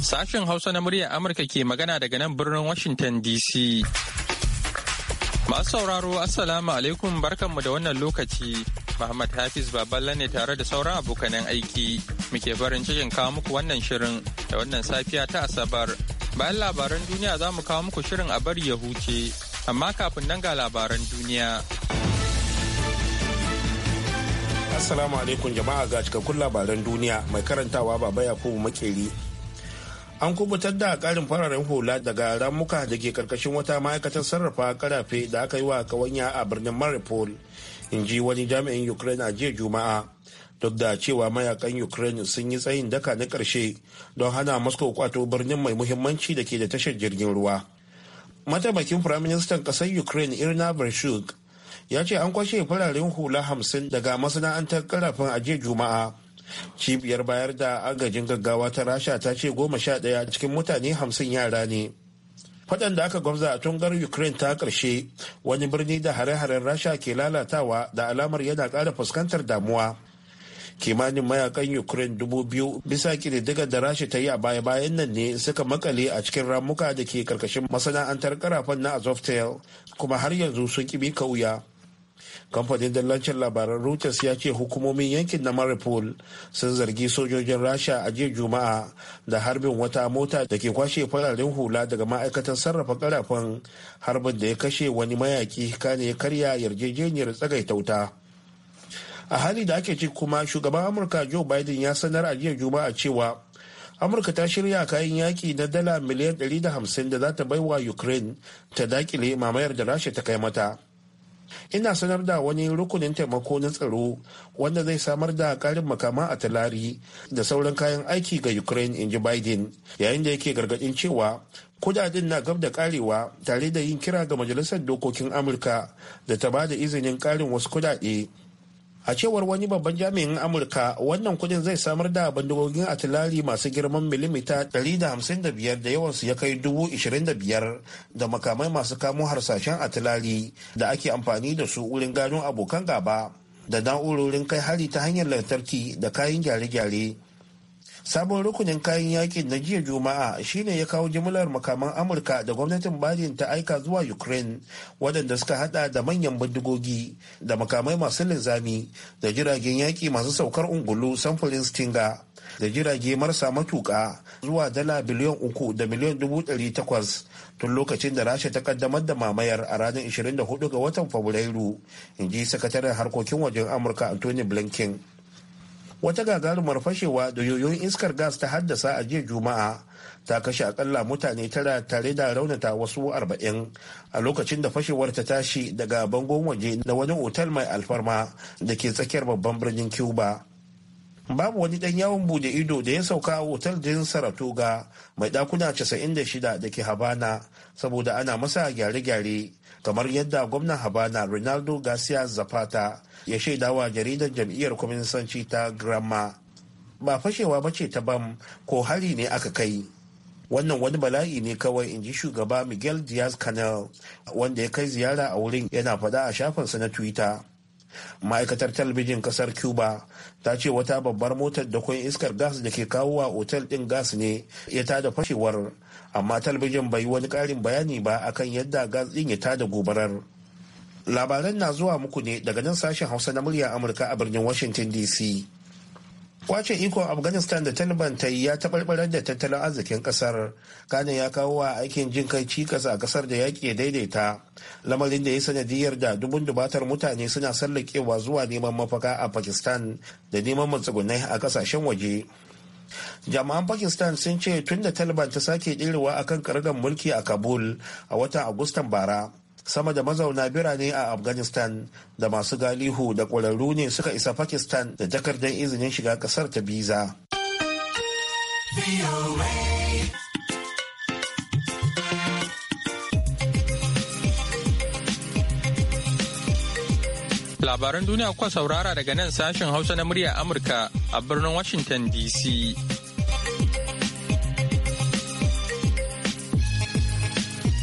Sashen Hausa na muryar Amurka ke magana daga nan birnin Washington DC. Masu sauraro, Assalamu alaikum barkanmu da wannan lokaci. Muhammad Hafiz Baballa ne tare da sauran abokanan aiki. Muke farin cikin kawo muku wannan shirin da wannan safiya ta Asabar. Bayan labaran duniya za mu kawo muku shirin a bari ya huce, amma kafin nan ga labaran duniya. Assalamu alaikum jama'a ga cikakkun labaran duniya mai karantawa baba Yakubu Makeri. An kubutar da karin fararen hula daga ramuka da ke karkashin wata ma'aikatar sarrafa karafe da aka yi wa kawanya a birnin maripol in ji wani jami'in Ukraine a jiya Juma'a. duk da cewa mayakan ukraine sun yi tsayin daka na karshe don hana moscow kwato birnin mai muhimmanci da ke da tashar jirgin ruwa mataimakin firaministan ƙasar ukraine irina bershuk ya ce an kwashe fararen hula hamsin daga masana'antar karafin ajiye juma'a cibiyar bayar da agajin gaggawa ta rasha ta ce goma sha ɗaya cikin mutane hamsin yara ne faɗan da aka gwamza a tungar ukraine ta ƙarshe wani birni da hare-haren rasha ke lalatawa da alamar yana ƙara fuskantar damuwa kimanin mayakan ukraine dubu biyu bisa kididdigar da rasha ta yi a baya-bayan nan ne suka makale a cikin ramuka da ke karkashin masana'antar karafan na azovtel kuma har yanzu sun kibi kauya kamfanin dallancin labaran reuters ya ce hukumomin yankin na maripol sun zargi sojojin rasha a jiya juma'a da harbin wata mota da ke kwashe fararen hula daga ma'aikatan sarrafa karafan harbin da ya kashe wani mayaki kane ya karya yarjejeniyar tsagaitauta. wuta a hali da ake ci kuma shugaban amurka joe biden ya sanar a jiya juma'a cewa amurka ta shirya kayan yaki na dala miliyan 150 da za ta bai wa ukraine ta dakile mamayar da rasha ta kai mata ina sanar da wani rukunin taimako na tsaro wanda zai samar da karin makama a talari da sauran kayan aiki ga ukraine in ji biden yayin da yake gargadin cewa kudaden na gab da karewa tare da yin kira ga majalisar dokokin amurka da ta ba da izinin karin wasu kudade a cewar wani babban jami'in amurka wannan kudin zai samar da bindigogin atilali masu girman milimita 155 da yawansu ya kai 25,000 da makamai masu kamo harsashen atilali da ake amfani da su wurin gano abokan gaba da na'urorin kai hari ta hanyar lantarki da kayan gyare-gyare sabon rukunin kayan yakin na jiya juma'a shine ya kawo jimlar makaman amurka da gwamnatin biden ta aika zuwa ukraine wadanda suka hada da manyan bindigogi da makamai masu linzami da jiragen yaki masu saukar ungulu samfurin stinger da jirage marasa matuka zuwa dala biliyan uku da miliyan dubu ɗari takwas tun lokacin da rasha ta kaddamar da mamayar a ranar 24 ga watan fabrairu in ji sakataren harkokin wajen amurka anthony blinken wata gagarumar fashewa da yoyon iskar gas ta haddasa a jiya juma'a ta kashe akalla mutane tara tare da raunata wasu arba'in a lokacin da fashewar ta tashi daga bangon waje na wani otal mai alfarma da ke tsakiyar babban birnin cuba babu wani dan yawon bude ido da ya sauka a otal din saratoga mai dakuna 96 da ke habana saboda ana masa gyare-gyare kamar yadda gwamnan habana ronaldo garcia zapata ya shaida wa jaridar jam'iyyar kwaminsanci ta grama ba fashewa bace ta bam ko hari ne aka kai wannan wani bala'i ne kawai in ji shugaba miguel diaz canel wanda ya kai ziyara a wurin yana faɗa a shafinsa na twitter ma'aikatar talabijin kasar cuba ta ce wata babbar motar da kun iskar gas da ke kawo wa otel din gas ne ya ta da fashewar amma talabijin bai yi wani karin bayani ba akan yadda gas din ya tada gobarar labaran na zuwa muku ne daga nan sashen hausa na murya amurka a birnin washington dc kwace ikon afghanistan da taliban ta yi ya taɓarɓarar da tattalin arzikin kasar kanin ya kawo wa aikin jin kai cikas a ƙasar da ya ke daidaita lamarin da ya sanadiyar da dubun dubatar mutane suna sallakewa zuwa neman mafaka a pakistan da neman matsugunai a kasashen waje jama'an pakistan sun ce tun da taliban ta sake ɗerewa akan karagar mulki a kabul a watan agustan bara sama da mazauna birane a afghanistan da masu galihu da ƙwararru ne suka isa pakistan da takardar izinin shiga ƙasar ta biza labaran duniya kuka saurara daga nan sashen hausa na murya amurka a birnin washington dc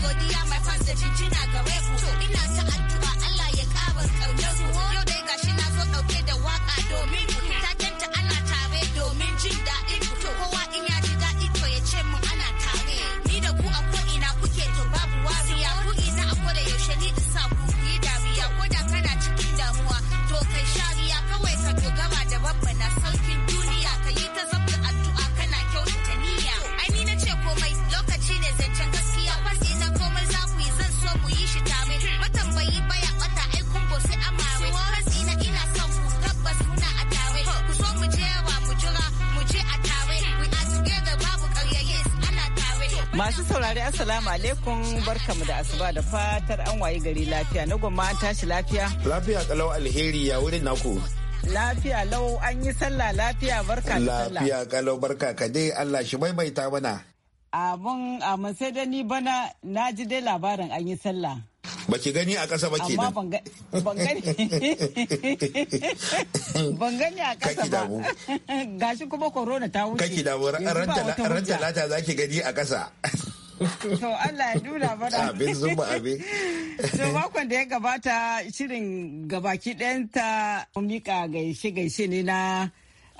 godiya mai fansa jinjina gare ku ina sa addu'a Allah ya kabar ƙaunar ku Assalamu alaikum barkamu da asuba da fatar an wayi gari lafiya na gwamma an tashi lafiya. Lafiya kalau alheri ya na naku. Lafiya lau an yi sallah lafiya barka da sallah. Lafiya kalau barka ka dai Allah shi maimaita mana. Abun amin sai da ni bana na ji dai labarin an yi sallah. ba ki gani a ƙasa ba ke nan. amma ban gani a ƙasa ba gashi kuma corona ta wuce kaki damu ran talata za ki gani a ƙasa To Allah ya dula mana. Abin zuma abin. To makon da ya gabata shirin gabaki ɗayanta mika gaishe gaishe ne na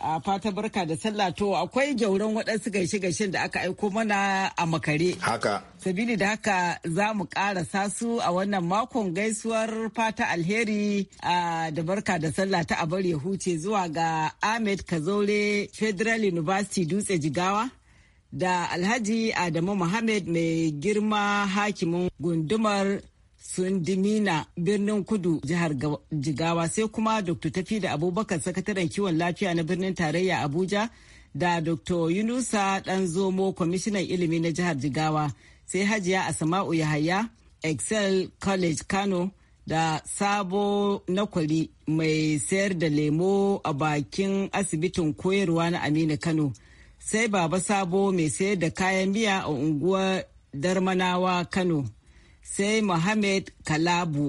a fata barka da sallah to akwai gyauran waɗansu gaishe gaishen da aka aiko mana a makare. Haka. Sabili da haka za mu ƙara su a wannan makon gaisuwar fata alheri da barka da sallah ta abar ya huce zuwa ga Ahmed Kazaure Federal University Dutse Jigawa. da Alhaji Adamu Muhammad mai girma hakimin gundumar Sundimina birnin kudu jihar Jigawa sai kuma Dr. Tafi da Abubakar sakataren kiwon lafiya na birnin tarayya Abuja da Dr. Yunusa Danzomo kwamishinan ilimi na jihar Jigawa sai Hajiya a Asama'u Yahaya Excel College Kano da Sabo Nakwali mai sayar da lemo a bakin asibitin koyarwa na Aminu Kano. sai baba sabo mai sayar da kayan miya a unguwar darmanawa kano sai mohammed kalabu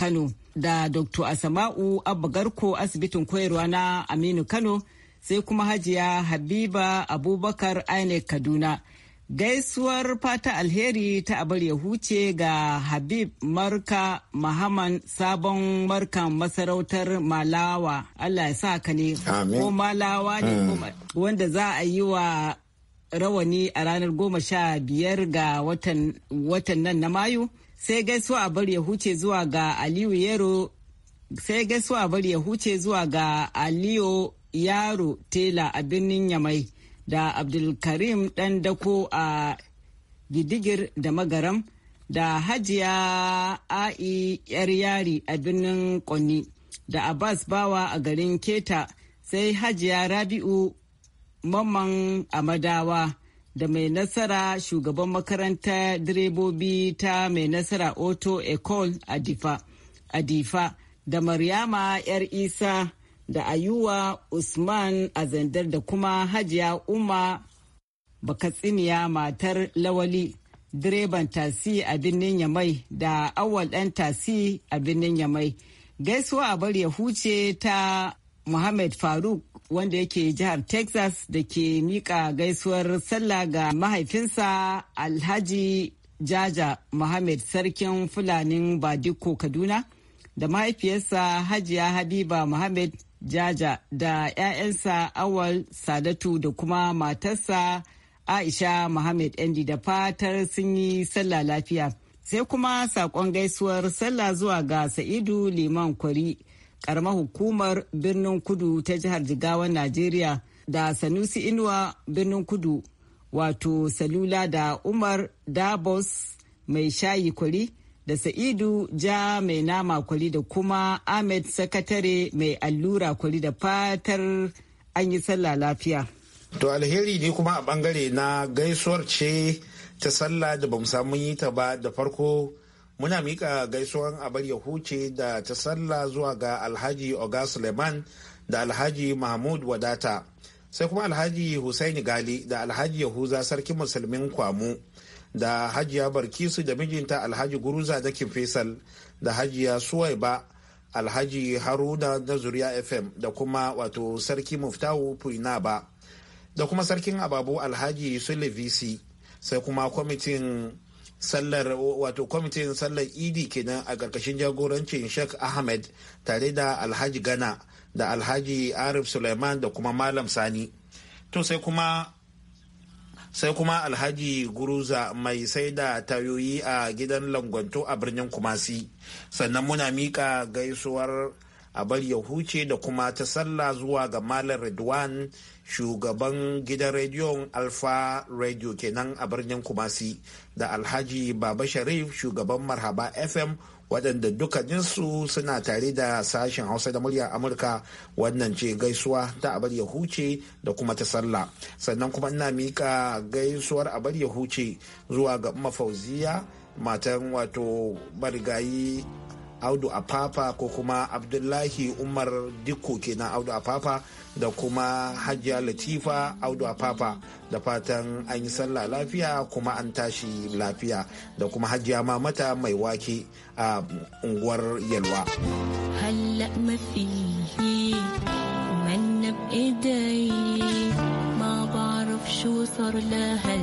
kano da dr asama'u abu garko asibitin koyarwa na aminu kano sai kuma hajiya habiba abubakar ainih kaduna Gaisuwar fata alheri ta abar ya huce ga Habib Marka Mahaman sabon markan masarautar Malawa. Allah ya sa ka ne ko Malawa ne mm. wanda za a yi wa rawani a ranar goma sha biyar ga watan nan na Mayu. Sai gaisuwa a ya huce zuwa ga Aliyu yaro sai gaisuwa abar ya huce zuwa ga Aliyu Yaro Tela a birnin Yamai. da abdulkarim ɗan dako a gidigir da magaram da hajiya a'i yar yari a birnin konni da abbas bawa a garin keta sai hajiya rabi'u mamman amadawa da mai nasara shugaban makaranta direbobi ta mai nasara auto ecole a difa da maryama yar isa da Ayuwa Usman Azandar da kuma Hajiya Umma Bakatsiniya matar Lawali direban tasi a birnin Yamai da awal ɗan tasi a birnin Yamai. Gaisuwa a bari ya huce ta Muhammad Faruk wanda yake jihar Texas da ke miƙa gaisuwar sallah ga mahaifinsa Alhaji Jaja Muhammad Sarkin Fulanin Badiko Kaduna da mahaifiyarsa Hajiya Habiba Muhammad jaja da 'ya'yansa awal sadatu da kuma matarsa aisha muhammad endi da fatar sun yi sallah lafiya sai kuma sakon gaisuwar sallah zuwa ga sa'idu liman kwari karamar hukumar birnin kudu ta jihar jigawan najeriya da sanusi inuwa birnin kudu wato salula da umar dabos mai shayi kwari da Sa'idu ja mai nama kwali da kuma Ahmed sakatare mai allura kwali da fatar an yi sallah lafiya. To alheri ne kuma a bangare na gaisuwar ce ta sallah da bamu samu yi ta ba da farko muna mika gaisuwan abar ya da ta sallah zuwa ga alhaji oga suleiman da alhaji mahmud wadata sai kuma alhaji husaini gali da alhaji yahuza sarki musulmin kwamu da hajiya barkisu da mijinta alhaji guruza da kinfesal da hajiya suwaiba alhaji haruna na zuriya fm da kuma wato sarki muftahu puinaba da kuma sarkin ababu alhaji sulevisi sai kuma kwamitin sallar wato kwamitin sallar idi kenan a ƙarƙashin jagorancin sheikh ahmed tare da alhaji gana da alhaji arif suleiman da kuma malam sani to sai kuma sai kuma alhaji guruza mai sai da tayoyi a gidan langwanto a birnin kumasi sannan muna mika gaisuwar abar ya huce da kuma ta sallah zuwa ga malam redwan shugaban gidan rediyon alfa radio kenan a birnin kumasi da alhaji baba sharif shugaban marhaba fm waɗanda dukkaninsu suna tare da sashen hausa da muryar amurka wannan ce gaisuwa ta abar ya huce da kuma ta sallah sannan kuma ina mika gaisuwar abar ya huce zuwa ga mafauziya matan wato marigayi audu Apapa ko kuma abdullahi umar dikko kenan audu Apapa da kuma hajiya latifa audu Apapa da fatan an yi sallah lafiya kuma an tashi lafiya da kuma hajiya mamata mai wake a unguwar yalwa ما بعرف شو صار لها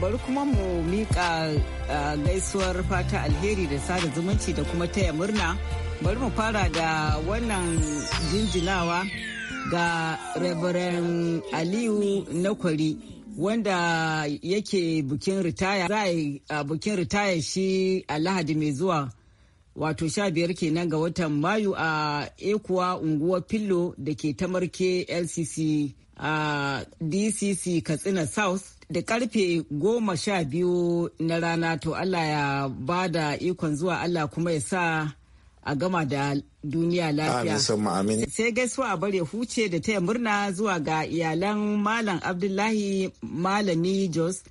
bari kuma mu mika gaisuwar fata alheri da sada zumunci da kuma taya murna bari mu fara da wannan jinjinawa ga Reverend Aliyu Nakwari wanda yake bukin ritaya za a bukin ritaya shi a lahadi mai zuwa wato sha biyar kenan ga watan mayu a ekuwa unguwa pillo da ke tamarke lcc a dcc katsina south da karfe goma sha biyu na rana to Allah ya ba da ikon zuwa Allah kuma ya sa a gama da duniya lafiya. Sai gaisuwa a bare huce da taya murna zuwa ga iyalan Malam Abdullahi Malami Jos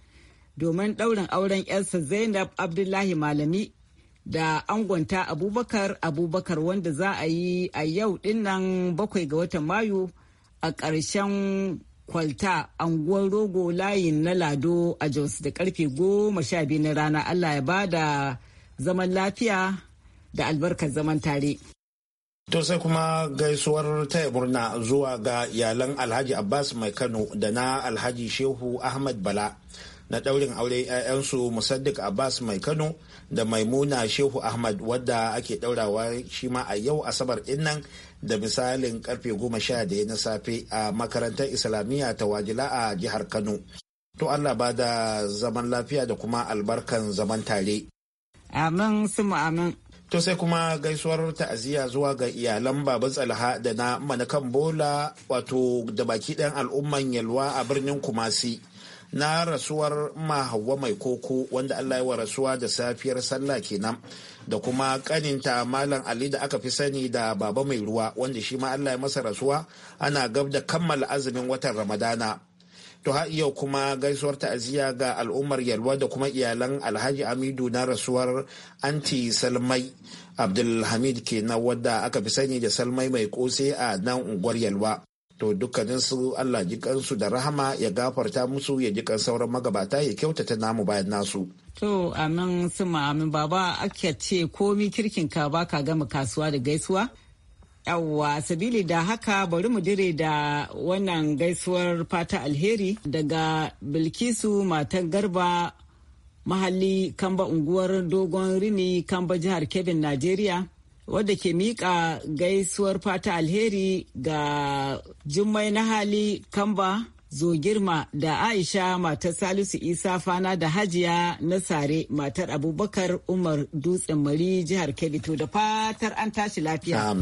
domin ɗaurin auren yarsa Zainab Abdullahi Malami da angonta Abubakar Abubakar wanda za a yi a yau dinnan bakwai ga watan Mayu a ƙarshen kwalta anguwar rogo layin na lado a jos da karfe goma sha biyu na rana allah ya ba da zaman lafiya da albarkar zaman tare To sai kuma gaisuwar taya murna zuwa ga iyalan Alhaji Abbas Mai Kano da na Alhaji Shehu Ahmad Bala na daurin aure 'ya'yansu Musaddiq Abbas Mai Kano da Maimuna Shehu Ahmad wadda ake daurawa shi ma a yau Asabar ɗinnan da misalin karfe goma sha daya na safe a makarantar islamiyya ta wajila a jihar kano to allah ba da zaman lafiya da kuma albarkan zaman tare amin su amin to sai kuma gaisuwar ta'aziyya zuwa ga iyalan baban tsalha da na manakan bola wato da baki ɗan al'umman yalwa a birnin kumasi na rasuwar mahawa mai koko wanda Allah wa rasuwa da safiyar sallah kenan da kuma kaninta malam ali da aka fi sani da baba mai ruwa wanda shi ma Allah ya masa rasuwa ana gab da kammala azumin watan ramadana to har yau kuma gaisuwar ta'aziyya ga al'ummar yalwa da kuma iyalan alhaji amidu na rasuwar anti salmai abdulhamid kenan wadda aka fi sani da salmai mai kose a nan unguwar yalwa to dukkaninsu Allah ji kansu da rahama ya gafarta musu ya ji kan sauran magabata ya kyautata namu bayan nasu. To amin suma amin baba ake ce komi kirkin ka baka gama kasuwa da gaisuwa? Yawwa sabili da haka bari mu dire da wannan gaisuwar fata alheri daga Bilkisu matan garba mahalli kamba unguwar dogon rini kamba jihar kevin Najeriya. wadda ke miƙa gaisuwar fata alheri ga jummai na hali kamba zogirma da aisha matar salisu isa fana da hajiya na sare matar abubakar umar dutsen mari jihar kebito da fatar an tashi lafiya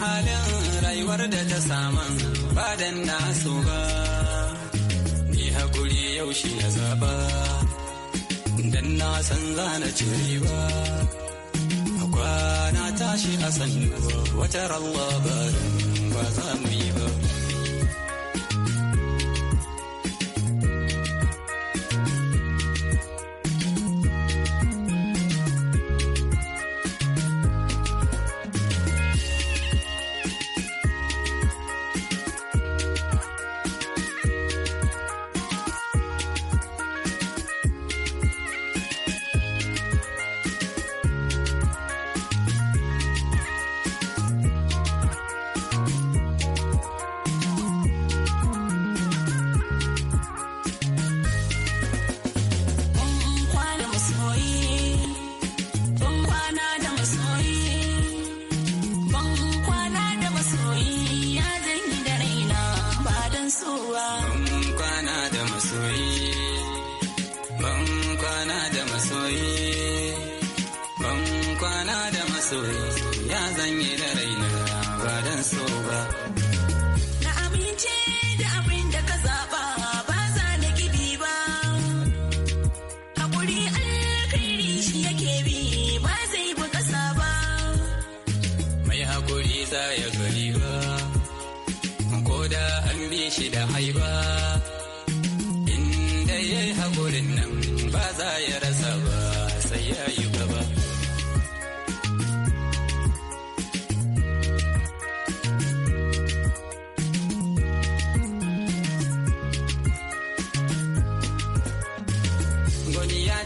halin rayuwar da ta saman ba dan na so ba ni hakuri yau shi na zaba dan na san zana cire ba kwana tashi a sanduwa watar Allah ba za mu yi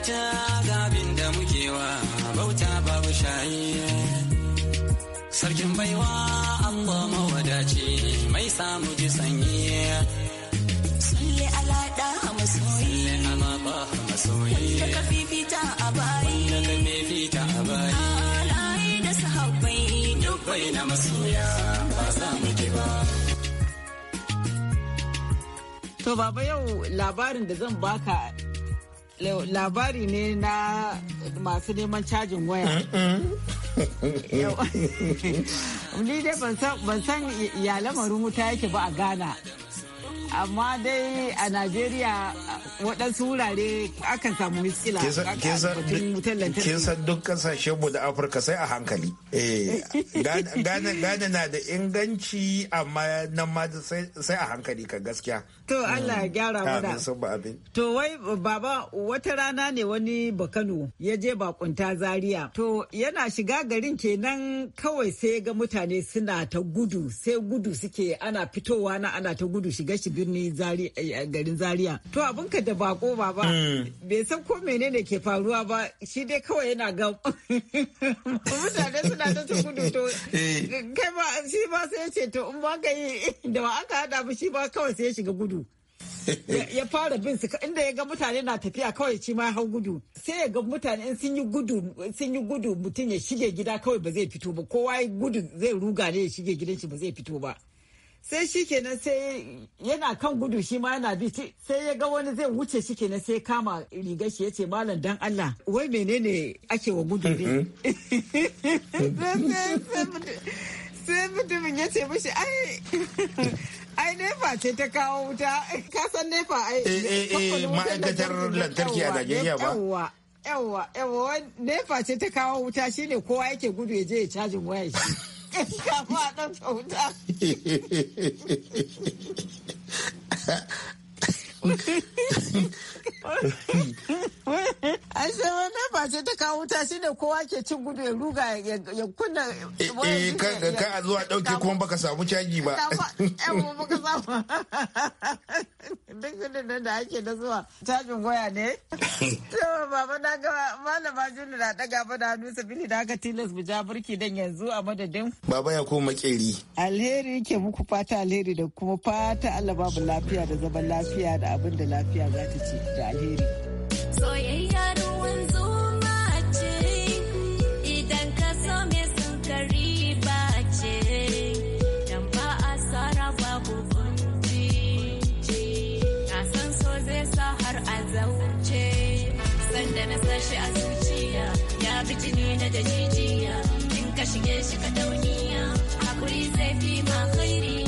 ta gabin da muke wa bauta babu shayi sarkin baiwa Allah mawadaci mai samu ji sanyi salli ala masoyi salli ala ba masoyi wanda ka fifita a bayi wanda ka fifita a bayi alayi da sahabbai dubbai na masoya ba za mu ki ba To baba yau labarin da zan baka labari ne na masu neman cajin waya. Ni dai ban san ya lamarin wuta yake ba a Ghana. amma dai a najeriya waɗansu wurare akan samu miskila kin san duk kasashen mu da afirka sai a hankali eh, gane na da inganci amma nan ma sai a hankali ka gaskiya to allah ya gyara mana to wai baba wata rana ne wani bakano ya je bakunta zaria to yana shiga garin kenan kawai sai ga mutane suna ta gudu sai gudu suke ana fitowa na ana ta gudu shiga shiga birni eh, eh, garin zaria to abinka da bako ba ba mm. bai san ko menene ke faruwa ba shi dai kawai yana ga mutane suna ta ta gudu to eh. kai ba shi ba sai ce to in ba ka yi da ba aka hada ba shi ba kawai sai ya shiga gudu ya fara bin su inda ya ga mutane na tafiya kawai shi ma hau gudu sai ya ga mutane in sun yi gudu sun yi gudu mutum ya shige gida kawai ba zai fito ba kowa gudu zai ruga ne ya shige gidan shi ba zai fito ba sai shi kenan sai yana kan gudu shi ma yana bi sai ya ga wani zai wuce shi kenan sai kama rigar shi ya ce malam dan Allah wai menene ake wa gudu ne sai mutumin ya ce mishi ai ai nefa ce ta kawo wuta ka san nefa ai eh, eh, eh, ma'aikatar lantarki a Najeriya ba yawwa yawwa nefa ce ta kawo wuta shine kowa yake gudu ya je ya cajin wayar shi 干嘛都惆怅。An sai wani ba ce ta kawo wuta shi ne kowa ke cin gudu ya ruga ya kunna. Eh, eh kan a zuwa ɗauke kuma baka samu caji ba. Yawon baka samu. Duk gudun da ake da zuwa cajin waya ne. To baba na ga malama Julu na daga ba da hannu sabili da aka tilas mu ja burki dan yanzu a madadin. Baba ya kuma makeri. Alheri ke muku fata alheri da kuma fata Allah babu lafiya da zaman lafiya da abin da lafiya za ta ci da alheri soyayya ruwan zuma ce idan ka so me sun kari ba ce dan ba a sara babu kunci na san so zai sa har a zauce sanda na sashi a zuciya ya jini na da jijiya in ka shige shi ka dauniya hakuri zai fi ma khairi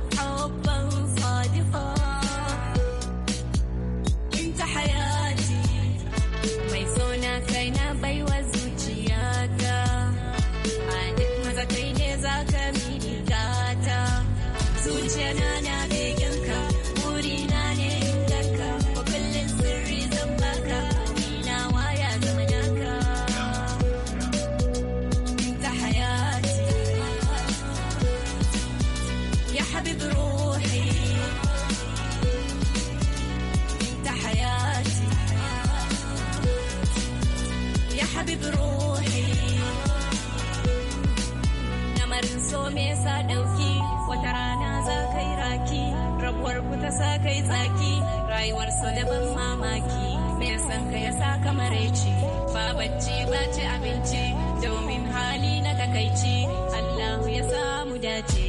zaki rayuwar so da ban mamaki me san ka ya kamar ci ba bacci ba ci abinci domin hali na takaici Allahu ya samu dace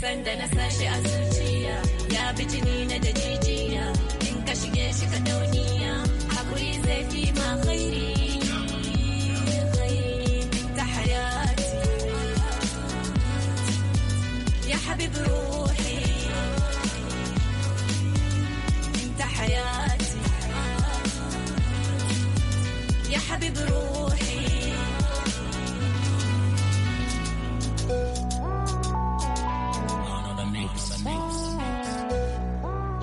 sanda na sashi a zuciya ya bi jini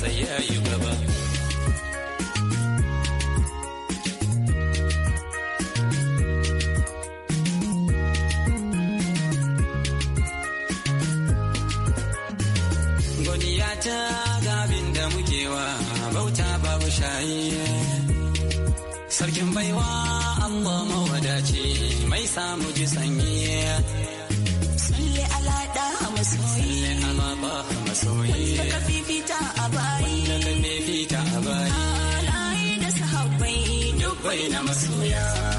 sai yi gaba. Godiya ta gabin da muke wa bauta babu shayi. Sarkin baiwa Allah mawadaci mai samu ji sanyi. Salli ala da masoyi. Salli ala masoyi fifita na masoya